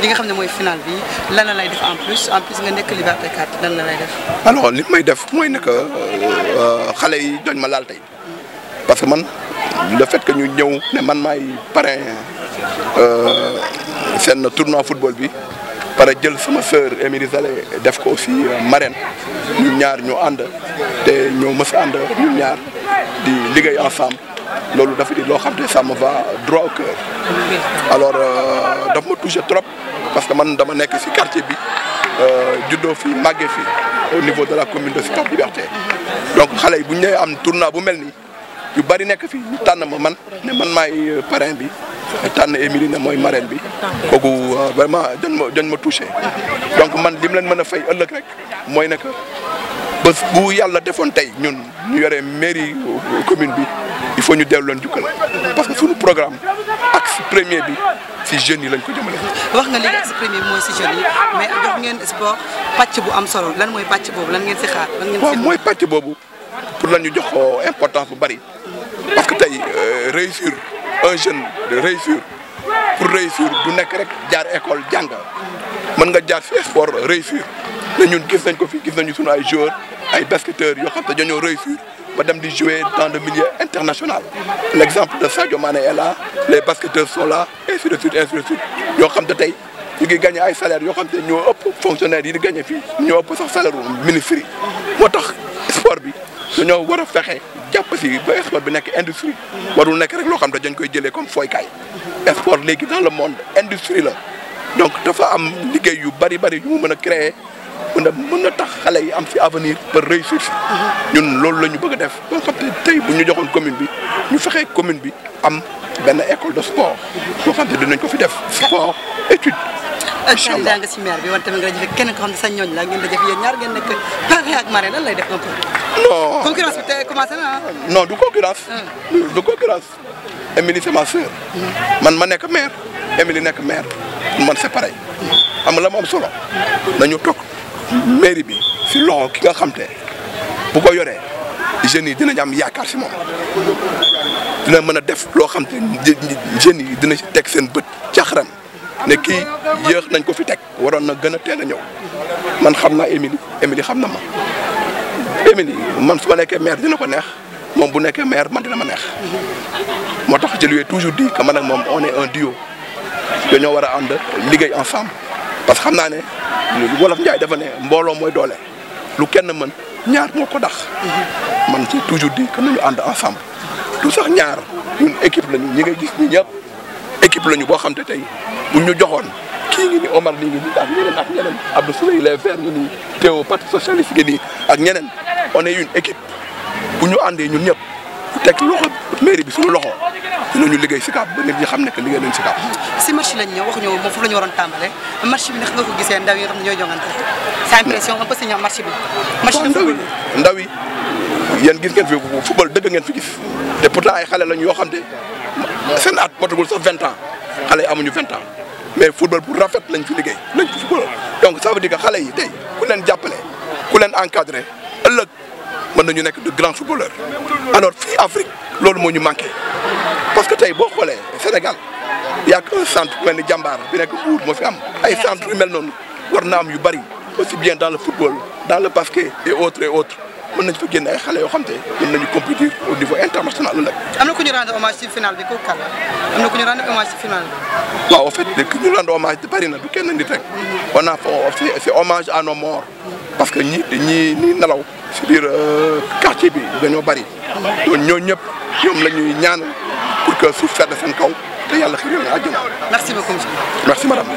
li nga xam ne mooy final bi lan def en plus en plus nga nekk Liberté 4 lan def. alors li may def mooy ne que euh, xale yi doñ ma laal tey parce que man le fait que ñu ñëw ne man maay parrain euh, seen tournoi football bi pare jël sama sœur Émilie Zalé def ko aussi euh, marraine ñu ñaar ñu ànd te ñoo mës ànd ñu ñaar di liggéey ensemble. loolu dafa di loo xam ne ça me va droit au cœur alors euh, daf ma touché trop parce que man dama nekk ci quartier bi euh, juddoo fi màggee fi au niveau de la commune de Sicap Liberté donc xale yi bu ñu am tourna bu mel nii yu bari nekk fi ñu tànn ma man ne man maay euh, parrain bi tànn Émilie ne mooy marraine bi kooku vraiment dañ ma dañ ma touché donc man li leen mën a fay ëllëg rek mooy ne que bés bu yàlla defoon tey ñun ñu yore mairie commune bi il faut ñu dellu leen jukkal parce que suñu programme axe premier bi si jeunes yi lañ ko jëmale. wax nga léegi axe premier bi mooy si jeunes yi mais jox ngeen bu am solo lan mooy pàcc boobu lan ngeen si xaar. lan mooy pàcc boobu pour lan ñu jox ko importance bu bari parce que tey euh, réussir un jeune de réussir pour réussir du nekk rek jaar école jàng mën nga jaar si sport réussir te ñun gis nañ ko fi gis nañu suñu ay joueurs ay basketteurs yoo xam te dañoo réussir. ba dem di jouer dans le milieu international l'exemple de Sadio Mané est là les basketteurs sont là yoo xam te tey ay salaires yoo xam te ñoo ëpp fonctionnaire yi di gagné fii ñoo ëpp sax salaire ministre yi moo tax sport bi dañoo war a fexe jàpp si ba sport bi nekk industrie warul nekk rek loo xam te dañ koy jëlee comme fooykaay sport léegi dans le monde industrie la donc dafa am liggéey yu bari bari yu mu mën a créer mën a mën tax xale yi am ci avenir pour réussir ñun loolu la ñu bëgg a def boo xam ne tey bu ñu joxoon commune bi ñu fexee commune bi am benn école de sport boo xam ne dinañ ko fi def sport étude incha allah nga si maire bi wante tamit nga def kenn ko xam ne sa a la ngeen def yéen ñaar ngeen nekk paré ak maré lay def donc. non concurrence non du concurrence. Ah. du concurrence. Émilie c'est man ma nekk maire Émilie nekk maire man c'est pareil. am la mu am solo. nañu toog. mairie bi si loxo ki nga xam bu ko yoree jeunes yi dinañ am yaakaar si moom dina mën a def loo xam te jeunes yi dina si teg seen bët ca xaram ne kii yéex nañ ko fi teg waroon na gën a teel a ñëw man xam naa Émilie Émilie xam na ma Émilie man su ma nekkee maire dina ko neex moom bu nekkee maire man dina ma neex moo tax je lui toujours di que man ak moom on est un duo dañoo war a ànd liggéey ensemble parce que xam naa ne wolof Njaay dafa ne mbooloo mooy doole lu kenn mën ñaar moo ko dax man ci toujours di que nañu ànd ensemble du sax ñaar ñun équipe lañu ñi ngay gis ñi ñëpp équipe lañu boo xam te tey buñ ñu joxoon kii ngi ni Omar lii ngi ni ak ñeneen ak ñeneen Abdou Souley les Verts ngi nii Théo parti socialiste ngi nii ak ñeneen on est équipe bu ñu àndee ñun ñëpp teg loxo mairie bi suñu loxo ñu liggéey Sicap ba nit ñi xam ne que liggéey nañu Sicap. si marché lañ ñëw waxuñu moom foofu la waroon tàmbalee marché bi ndax nga ko gisee ndaw yi nga xam ne ñooy joŋante. sa impression un peu si ñoom marché bi. marché bi ndaw yi ndaw yi yéen gis ngeen ay xale lañ yoo xam ne seen at matagul sax vingt ans xale yi amuñu vingt ans mais football bu rafet lañ fi liggéey lañ fi football donc ça veut dire que xale yi tey ku leen jàppale ku leen encadré ëllëg mën nañu nekk de grands footballeurs alors fii Afrique loolu moo ñu manqué parce que tey boo xoolee Sénégal y a un centre bu mel jàmbaar bi nekk Mbour moo fi am ay centre yu mel noonu war na am yu bari aussi bien dans le football dans le basket et autres et autres mën nañu fa ay xale yoo xam te mën nañu compétir au niveau international la nag. am na ku ñu rendre hommage ci final bi kooku kan la am na bi. waaw en fait ku ñu rendre hommage bari na du kenn nit rek on a fait hommage à nos parce que ñi ñi ñi nelaw. si biir euh, quartier bi dañoo bari donc ñoo ñëpp ñoom la ñaan pour que suuf sedd seen kaw te yàlla xëy na àjjana. merci beaucoup monsieur. merci madame.